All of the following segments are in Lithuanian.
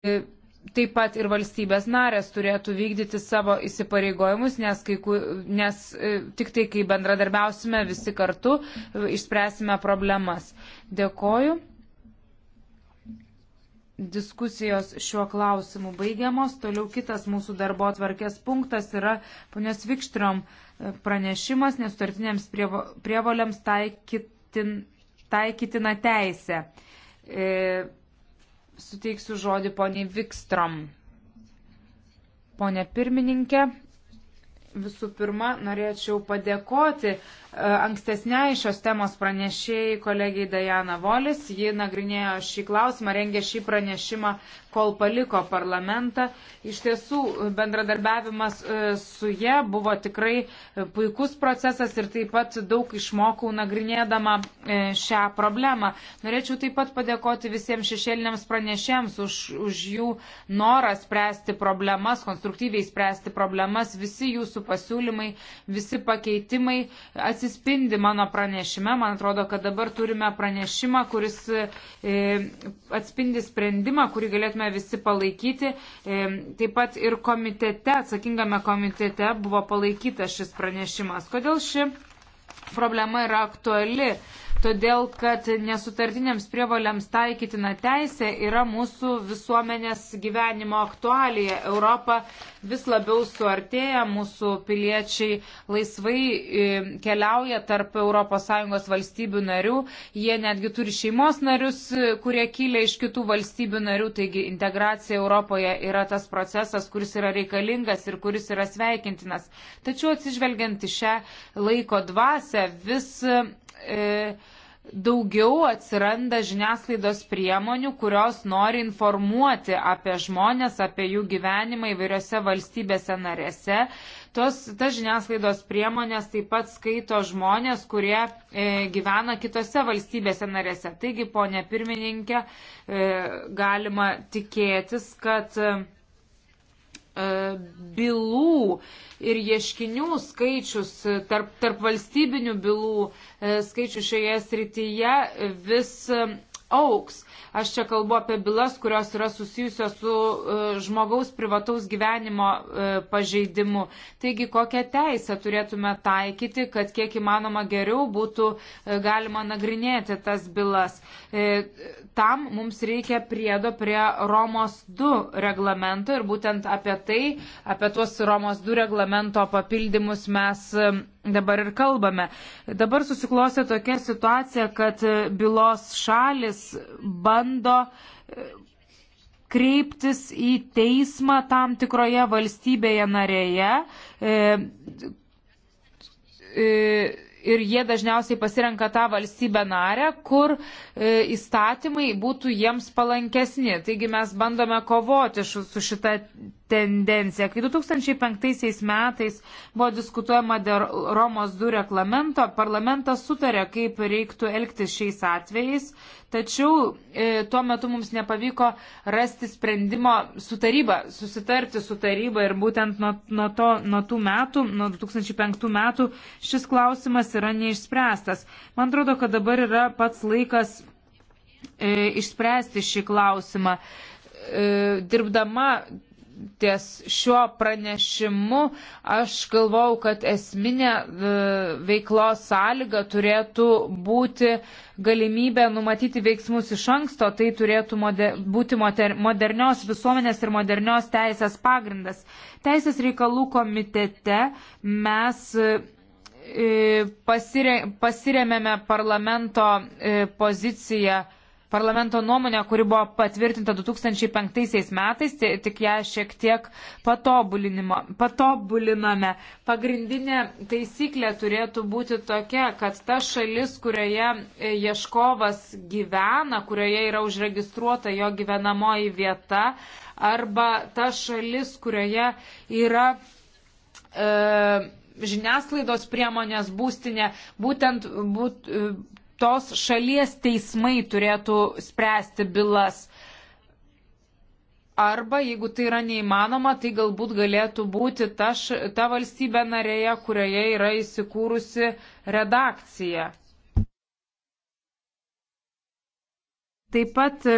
E, taip pat ir valstybės narės turėtų vykdyti savo įsipareigojimus, nes, kai, nes e, tik tai, kai bendradarbiausime visi kartu, e, išspręsime problemas. Dėkoju. Diskusijos šiuo klausimu baigiamos. Toliau kitas mūsų darbo atvarkės punktas yra ponios Vikštrom pranešimas nesutartiniams prievo, prievoliams taikytin, taikytina teisė. E, suteiksiu žodį poniai Vikstrom. Pone pirmininkė, visų pirma, norėčiau padėkoti e, ankstesniai šios temos pranešėjai kolegijai Dajana Volis. Ji nagrinėjo šį klausimą, rengė šį pranešimą kol paliko parlamentą. Iš tiesų, bendradarbiavimas e, su jie buvo tikrai e, puikus procesas ir taip pat daug išmokau nagrinėdama e, šią problemą. Norėčiau taip pat padėkoti visiems šešėliniams pranešėms už, už jų norą spręsti problemas, konstruktyviai spręsti problemas. Visi jūsų pasiūlymai, visi pakeitimai atsispindi mano pranešime. Man atrodo, kad dabar turime pranešimą, kuris e, atspindi sprendimą, kurį galėtume turėtume visi palaikyti. E, taip pat ir komitete, atsakingame komitete buvo palaikytas šis pranešimas. Kodėl ši problema yra aktuali? todėl kad nesutartiniams prievaliams taikytina teisė yra mūsų visuomenės gyvenimo aktualija. Europa vis labiau suartėja, mūsų piliečiai laisvai e, keliauja tarp ES valstybių narių, jie netgi turi šeimos narius, e, kurie kylia iš kitų valstybių narių, taigi integracija Europoje yra tas procesas, kuris yra reikalingas ir kuris yra sveikintinas. Tačiau atsižvelgiant į šią laiko dvasę, vis E, daugiau atsiranda žiniasklaidos priemonių, kurios nori informuoti apie žmonės, apie jų gyvenimą įvairiose valstybėse narėse. Tos, ta žiniasklaidos priemonės taip pat skaito žmonės, kurie e, gyvena kitose valstybėse narėse. Taigi, ponė pirmininkė, e, galima tikėtis, kad e, E, bylų ir ieškinių skaičius, e, tarp, tarp valstybinių bylų e, skaičius šioje srityje vis auks. Aš čia kalbu apie bylas, kurios yra susijusios su e, žmogaus privataus gyvenimo e, pažeidimu. Taigi, kokią teisę turėtume taikyti, kad kiek įmanoma geriau būtų e, galima nagrinėti tas bylas. Tam mums reikia priedo prie Romos 2 reglamento ir būtent apie tai, apie tuos Romos 2 reglamento papildymus mes dabar ir kalbame. Dabar susiklosė tokia situacija, kad bylos šalis bando e, kreiptis į teismą tam tikroje valstybėje narėje. E, e, ir jie dažniausiai pasirenka tą valstybę narę, kur įstatymai būtų jiems palankesni. Taigi mes bandome kovoti su šita tendencija. Kai 2005 metais buvo diskutuojama dėl Romos 2 reglamento, parlamentas sutarė, kaip reiktų elgtis šiais atvejais, tačiau e, tuo metu mums nepavyko rasti sprendimo su taryba, susitarti su taryba ir būtent nuo, nuo, to, nuo tų metų, nuo 2005 metų šis klausimas yra neišspręstas. Man atrodo, kad dabar yra pats laikas e, išspręsti šį klausimą. E, dirbdama ties šiuo pranešimu aš galvau, kad esminė e, veiklos sąlyga turėtų būti galimybė numatyti veiksmus iš anksto, tai turėtų moder, būti moder, modernios visuomenės ir modernios teisės pagrindas. Teisės reikalų komitete mes e, e, pasiremėme parlamento poziciją parlamento nuomonę, kuri buvo patvirtinta 2005 metais, tik ją šiek tiek patobulinome. Pagrindinė taisyklė turėtų būti tokia, kad ta šalis, kurioje ieškovas e, gyvena, kurioje yra užregistruota jo gyvenamoji vieta, arba ta šalis, kurioje yra. E, žiniasklaidos priemonės būstinė, būtent būt, tos šalies teismai turėtų spręsti bylas. Arba, jeigu tai yra neįmanoma, tai galbūt galėtų būti ta, š, ta valstybė narėje, kurioje yra įsikūrusi redakcija. Taip pat e,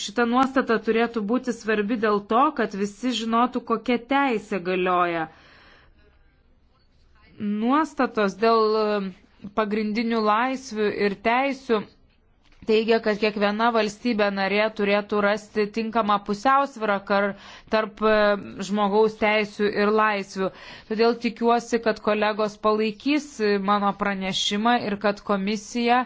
šita nuostata turėtų būti svarbi dėl to, kad visi žinotų, kokia teisė galioja. Nuostatos dėl pagrindinių laisvių ir teisių teigia, kad kiekviena valstybė narė turėtų rasti tinkamą pusiausvyrą tarp e, žmogaus teisų ir laisvių. Todėl tikiuosi, kad kolegos palaikys e, mano pranešimą ir kad komisija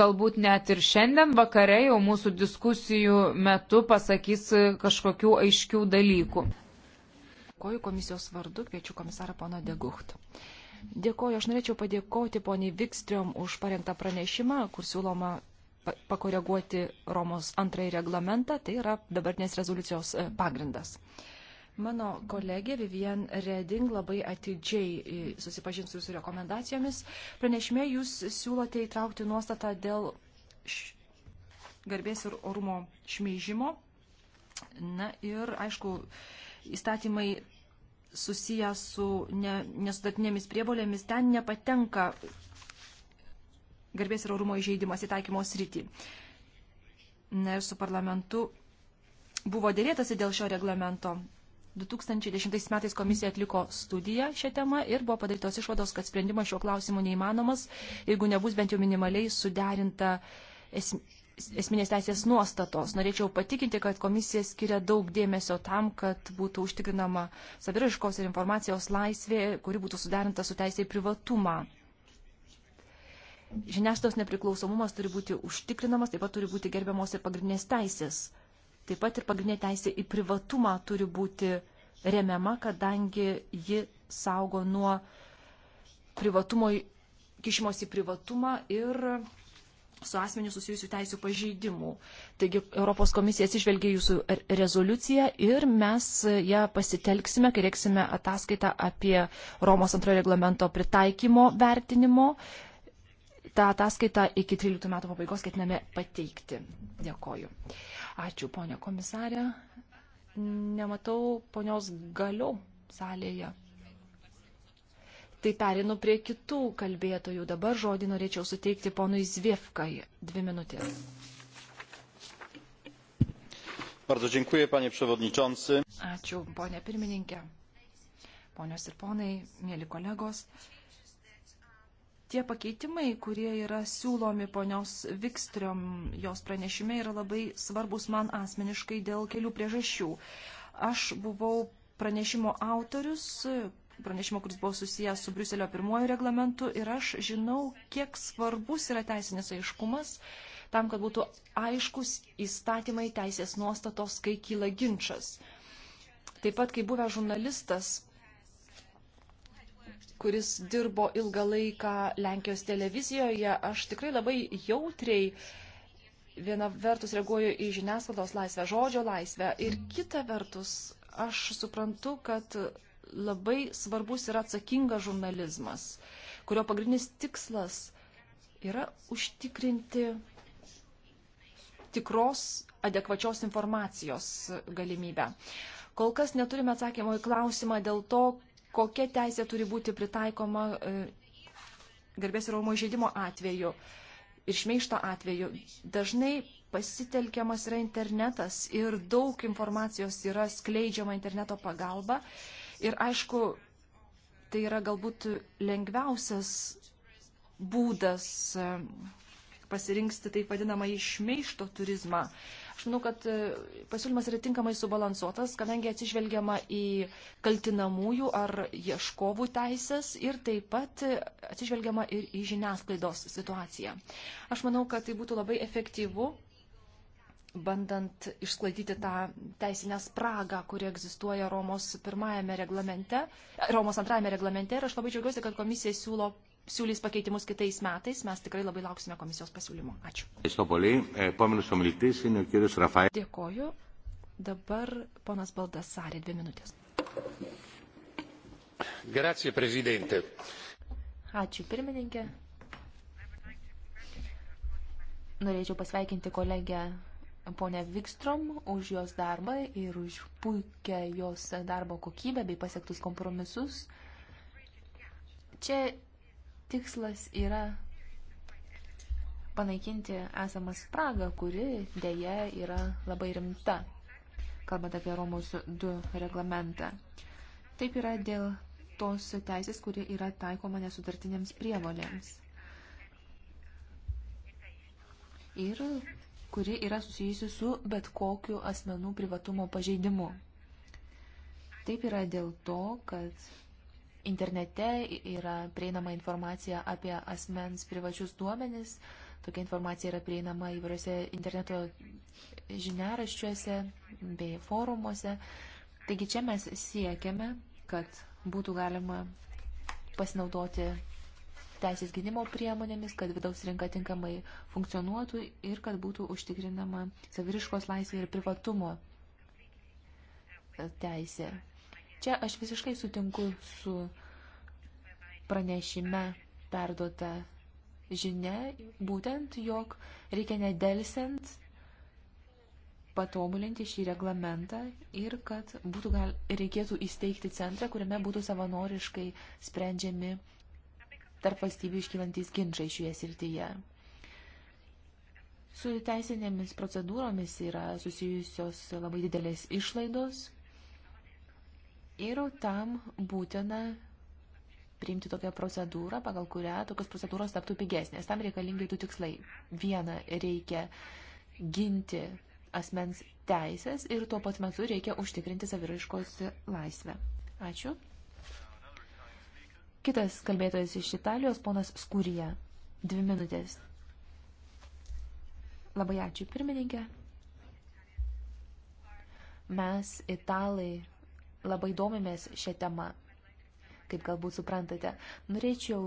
galbūt net ir šiandien vakare jau mūsų diskusijų metu pasakys e, kažkokių aiškių dalykų. Dėkoju komisijos vardu, kviečiu komisarą pono Degucht. Dėkoju, aš norėčiau padėkoti poniai Vikstriom už parengtą pranešimą, kur siūloma pakoreguoti Romos antrąjį reglamentą, tai yra dabartinės rezoliucijos e, pagrindas. Mano kolegė Vivian Reding labai atidžiai e, susipažins su jūsų rekomendacijomis. Pranešime jūs siūlote įtraukti nuostatą dėl š... garbės ir orumo šmeižimo. Na ir, aišku, įstatymai susijęs su ne, nesudatinėmis prievolėmis, ten nepatenka garbės ir orumo įžeidimas į taikymo sritį. Na ir su parlamentu buvo dėrėtasi dėl šio reglamento. 2010 metais komisija atliko studiją šią temą ir buvo padarytos išvados, kad sprendimas šiuo klausimu neįmanomas, jeigu nebus bent jau minimaliai suderinta es, esminės teisės nuostatos. Norėčiau patikinti, kad komisija skiria daug dėmesio tam, kad būtų užtikrinama saviraškos ir informacijos laisvė, kuri būtų suderinta su teisė į privatumą. Žiniasklaidos nepriklausomumas turi būti užtikrinamas, taip pat turi būti gerbiamos ir pagrindinės teisės. Taip pat ir pagrindinė teisė į privatumą turi būti remiama, kadangi ji saugo nuo privatumo, kišimos į privatumą ir su asmeniu susijusių teisų pažeidimų. Taigi Europos komisija atsižvelgia jūsų rezoliuciją ir mes ją pasitelksime, kai reiksime ataskaitą apie Romos antrojo reglamento pritaikymo vertinimo. Ta ataskaita iki 13 metų pabaigos ketiname pateikti. Dėkoju. Ačiū, ponia komisarė. Nematau ponios galiu salėje tai perinu prie kitų kalbėtojų. Dabar žodį norėčiau suteikti ponui Zviefkai. Dvi minutės. Bardzo dziękuję, panie przewodniczący. Ačiū, ponė pirmininkė. Ponios ir ponai, mėly kolegos. Tie pakeitimai, kurie yra siūlomi ponios Vikstriom, jos pranešime yra labai svarbus man asmeniškai dėl kelių priežasčių. Aš buvau pranešimo autorius, pranešimo, kuris buvo susijęs su Briuselio pirmojų reglamentu ir aš žinau, kiek svarbus yra teisinės aiškumas tam, kad būtų aiškus įstatymai teisės nuostatos, kai kyla ginčas. Taip pat, kai buvęs žurnalistas, kuris dirbo ilgą laiką Lenkijos televizijoje, aš tikrai labai jautriai viena vertus reaguoju į žiniasklaidos laisvę, žodžio laisvę ir kita vertus aš suprantu, kad labai svarbus yra atsakingas žurnalizmas, kurio pagrindinis tikslas yra užtikrinti tikros adekvačios informacijos galimybę. Kol kas neturime atsakymo į klausimą dėl to, kokia teisė turi būti pritaikoma e, garbės ir raumo žaidimo atveju ir šmeišto atveju. Dažnai pasitelkiamas yra internetas ir daug informacijos yra skleidžiama interneto pagalba Ir aišku, tai yra galbūt lengviausias būdas e, pasirinkti taip vadinamą išmeišto turizmą. Aš manau, kad e, pasiūlymas yra tinkamai subalansuotas, kadangi atsižvelgiama į kaltinamųjų ar ieškovų teisės ir taip pat e, atsižvelgiama ir į žiniasklaidos situaciją. Aš manau, kad tai būtų labai efektyvu bandant išsklaidyti tą teisinę spragą, kuri egzistuoja Romos, reglamente, Romos antrajame reglamente. Ir aš labai džiaugiuosi, kad komisija siūlo, siūlys pakeitimus kitais metais. Mes tikrai labai lauksime komisijos pasiūlymo. Ačiū. Dėkoju. Dabar ponas Baldasarė, dvi minutės. Grazie, prezidente. Ačiū, pirmininkė. Norėčiau pasveikinti kolegę ponę Vikstrom už jos darbą ir už puikią jos darbo kokybę bei pasiektus kompromisus. Čia tikslas yra panaikinti esamą spragą, kuri dėja yra labai rimta, kalbant apie Romos 2 reglamentą. Taip yra dėl tos teisės, kuri yra taikoma nesutartinėms prievolėms. Ir kuri yra susijusi su bet kokiu asmenų privatumo pažeidimu. Taip yra dėl to, kad internete yra prieinama informacija apie asmens privačius duomenis, tokia informacija yra prieinama įvairiose interneto žiniaraščiuose bei forumuose. Taigi čia mes siekiame, kad būtų galima pasinaudoti teisės gynimo priemonėmis, kad vidaus rinka tinkamai funkcionuotų ir kad būtų užtikrinama saviriškos laisvė ir privatumo teisė. Čia aš visiškai sutinku su pranešime perduota žinia, būtent, jog reikia nedelsiant patobulinti šį reglamentą ir kad būtų gal, reikėtų įsteigti centrą, kuriame būtų savanoriškai sprendžiami tarp valstybių iškilantys ginčiai šioje srityje. Su teisinėmis procedūromis yra susijusios labai didelės išlaidos ir tam būtina priimti tokią procedūrą, pagal kurią tokios procedūros taptų pigesnės. Tam reikalingi du tikslai. Viena, reikia ginti asmens teisės ir tuo pat metu reikia užtikrinti saviraiškos laisvę. Ačiū. Kitas kalbėtojas iš Italijos, ponas Skurija. Dvi minutės. Labai ačiū, pirmininkė. Mes, italai, labai domimės šią temą, kaip galbūt suprantate. Norėčiau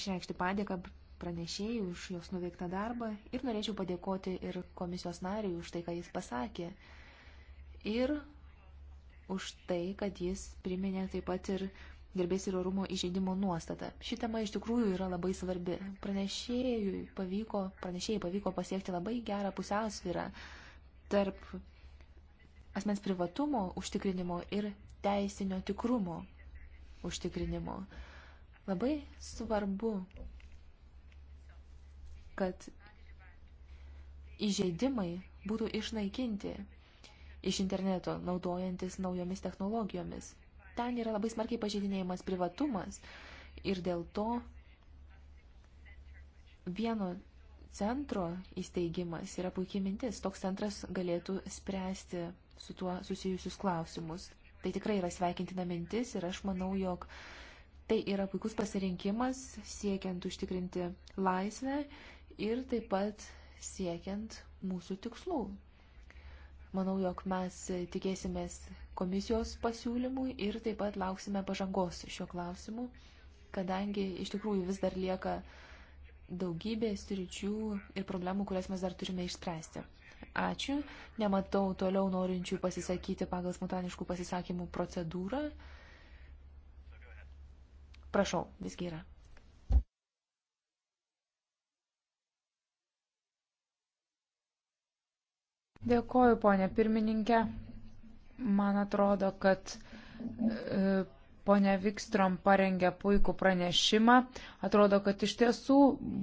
išreikšti padėką pranešėjai už jos nuveiktą darbą ir norėčiau padėkoti ir komisijos nariui už tai, ką jis pasakė. Ir už tai, kad jis priminė taip pat ir garbės ir orumo įžeidimo nuostata. Ši tema iš tikrųjų yra labai svarbi. Pranešėjui pavyko, pranešėjai pavyko pasiekti labai gerą pusiausvyrą tarp asmens privatumo užtikrinimo ir teisinio tikrumo užtikrinimo. Labai svarbu, kad įžeidimai būtų išnaikinti iš interneto naudojantis naujomis technologijomis ten yra labai smarkiai pažeidinėjimas privatumas ir dėl to vieno centro įsteigimas yra puikiai mintis. Toks centras galėtų spręsti su tuo susijusius klausimus. Tai tikrai yra sveikintina mintis ir aš manau, jog tai yra puikus pasirinkimas siekiant užtikrinti laisvę ir taip pat siekiant mūsų tikslų. Manau, jog mes tikėsimės komisijos pasiūlymui ir taip pat lauksime pažangos šiuo klausimu, kadangi iš tikrųjų vis dar lieka daugybė sričių ir problemų, kurias mes dar turime išspręsti. Ačiū. Nematau toliau norinčių pasisakyti pagal spontaniškų pasisakymų procedūrą. Prašau, visgi yra. Dėkoju, ponė pirmininkė. Man atrodo, kad e, ponia Vikstrom parengė puikų pranešimą. Atrodo, kad iš tiesų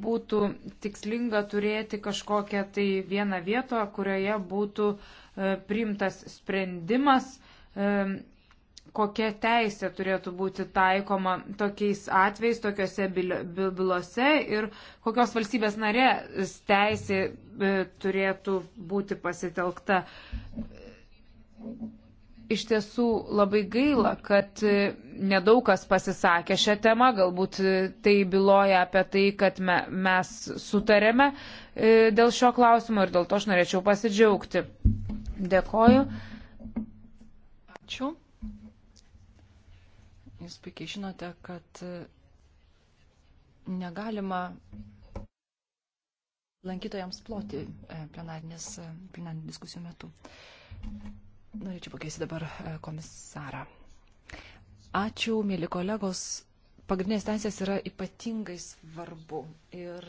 būtų tikslinga turėti kažkokią tai vieną vietą, kurioje būtų e, priimtas sprendimas, e, kokia teisė turėtų būti taikoma tokiais atvejais, tokiuose bylose ir kokios valstybės narės teisė turėtų būti pasitelkta iš tiesų labai gaila, kad e, nedaug kas pasisakė šią temą, galbūt e, tai byloja apie tai, kad me, mes sutarėme e, dėl šio klausimo ir dėl to aš norėčiau pasidžiaugti. Dėkoju. Ačiū. Jūs puikiai žinote, kad negalima lankytojams ploti plenarinės diskusijų metu. Norėčiau pakeisti dabar e, komisarą. Ačiū, mėly kolegos. Pagrindinės teisės yra ypatingai svarbu ir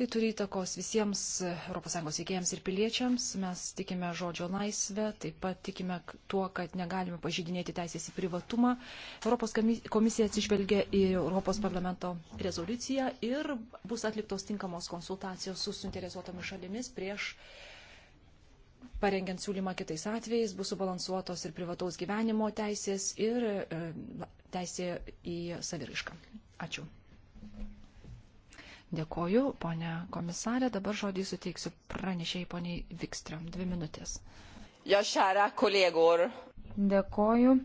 tai turi įtakos visiems ES veikėjams ir piliečiams. Mes tikime žodžio laisvę, taip pat tikime tuo, kad negalime pažydinėti teisės į privatumą. Europos komisija atsižvelgia į Europos parlamento rezoliuciją ir bus atliktos tinkamos konsultacijos su suinteresuotomis šalimis prieš uh, parengiant siūlymą kitais atvejais bus subalansuotos ir privataus gyvenimo teisės ir e, teisė į savirišką. Ačiū. Dėkoju, ponė komisarė. Dabar žodį suteiksiu pranešėjai poniai Vikstram. Dvi minutės. Jo šara, kolegor. Dėkoju.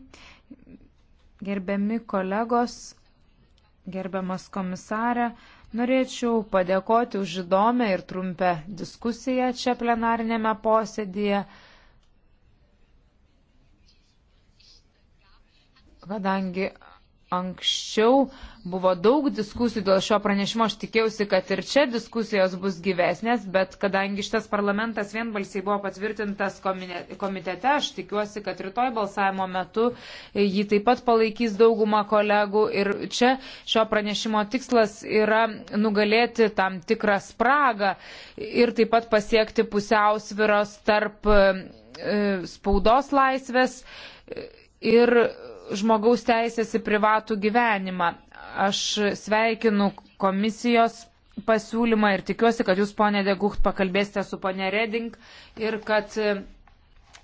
Gerbiami kolegos, gerbiamas komisarė, Norėčiau padėkoti už įdomią ir trumpę diskusiją čia plenarinėme posėdėje. Kadangi anksčiau buvo daug diskusijų dėl šio pranešimo, aš tikėjausi, kad ir čia diskusijos bus gyvesnės, bet kadangi šitas parlamentas vienbalsiai buvo patvirtintas komitete, aš tikiuosi, kad rytoj balsavimo metu jį taip pat palaikys dauguma kolegų ir čia šio pranešimo tikslas yra nugalėti tam tikrą spragą ir taip pat pasiekti pusiausviros tarp e, spaudos laisvės ir žmogaus teisės į privatų gyvenimą. Aš sveikinu komisijos pasiūlymą ir tikiuosi, kad jūs, ponė Degucht, pakalbėsite su ponė Reding ir kad e,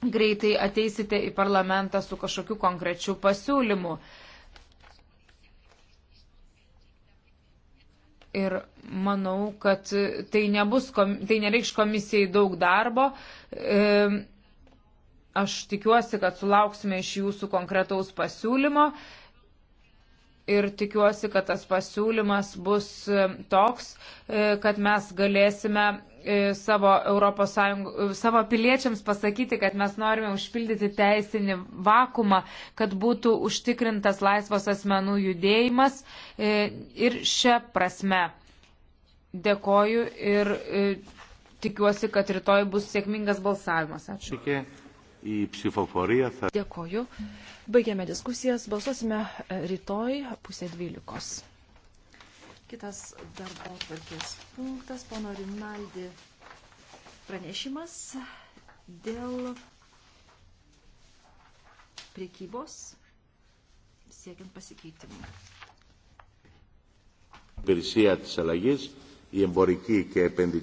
greitai ateisite į parlamentą su kažkokiu konkrečiu pasiūlymu. Ir manau, kad tai, nebus, tai nereikš komisijai daug darbo. E, Aš tikiuosi, kad sulauksime iš jūsų konkretaus pasiūlymo ir tikiuosi, kad tas pasiūlymas bus e, toks, e, kad mes galėsime e, savo, Sąjung... savo piliečiams pasakyti, kad mes norime užpildyti teisinį vakumą, kad būtų užtikrintas laisvas asmenų judėjimas ir šią prasme. Dėkoju ir tikiuosi, kad rytoj bus sėkmingas balsavimas. Ačiū. Iki. Dėkoju. Baigėme diskusijas. Balsuosime e, rytoj pusė dvylikos. Kitas darbo tvarkės punktas, pono Rinaldi pranešimas dėl priekybos siekiant pasikeitimų. Περισσία της αλλαγής, η εμπορική και επενδυτική.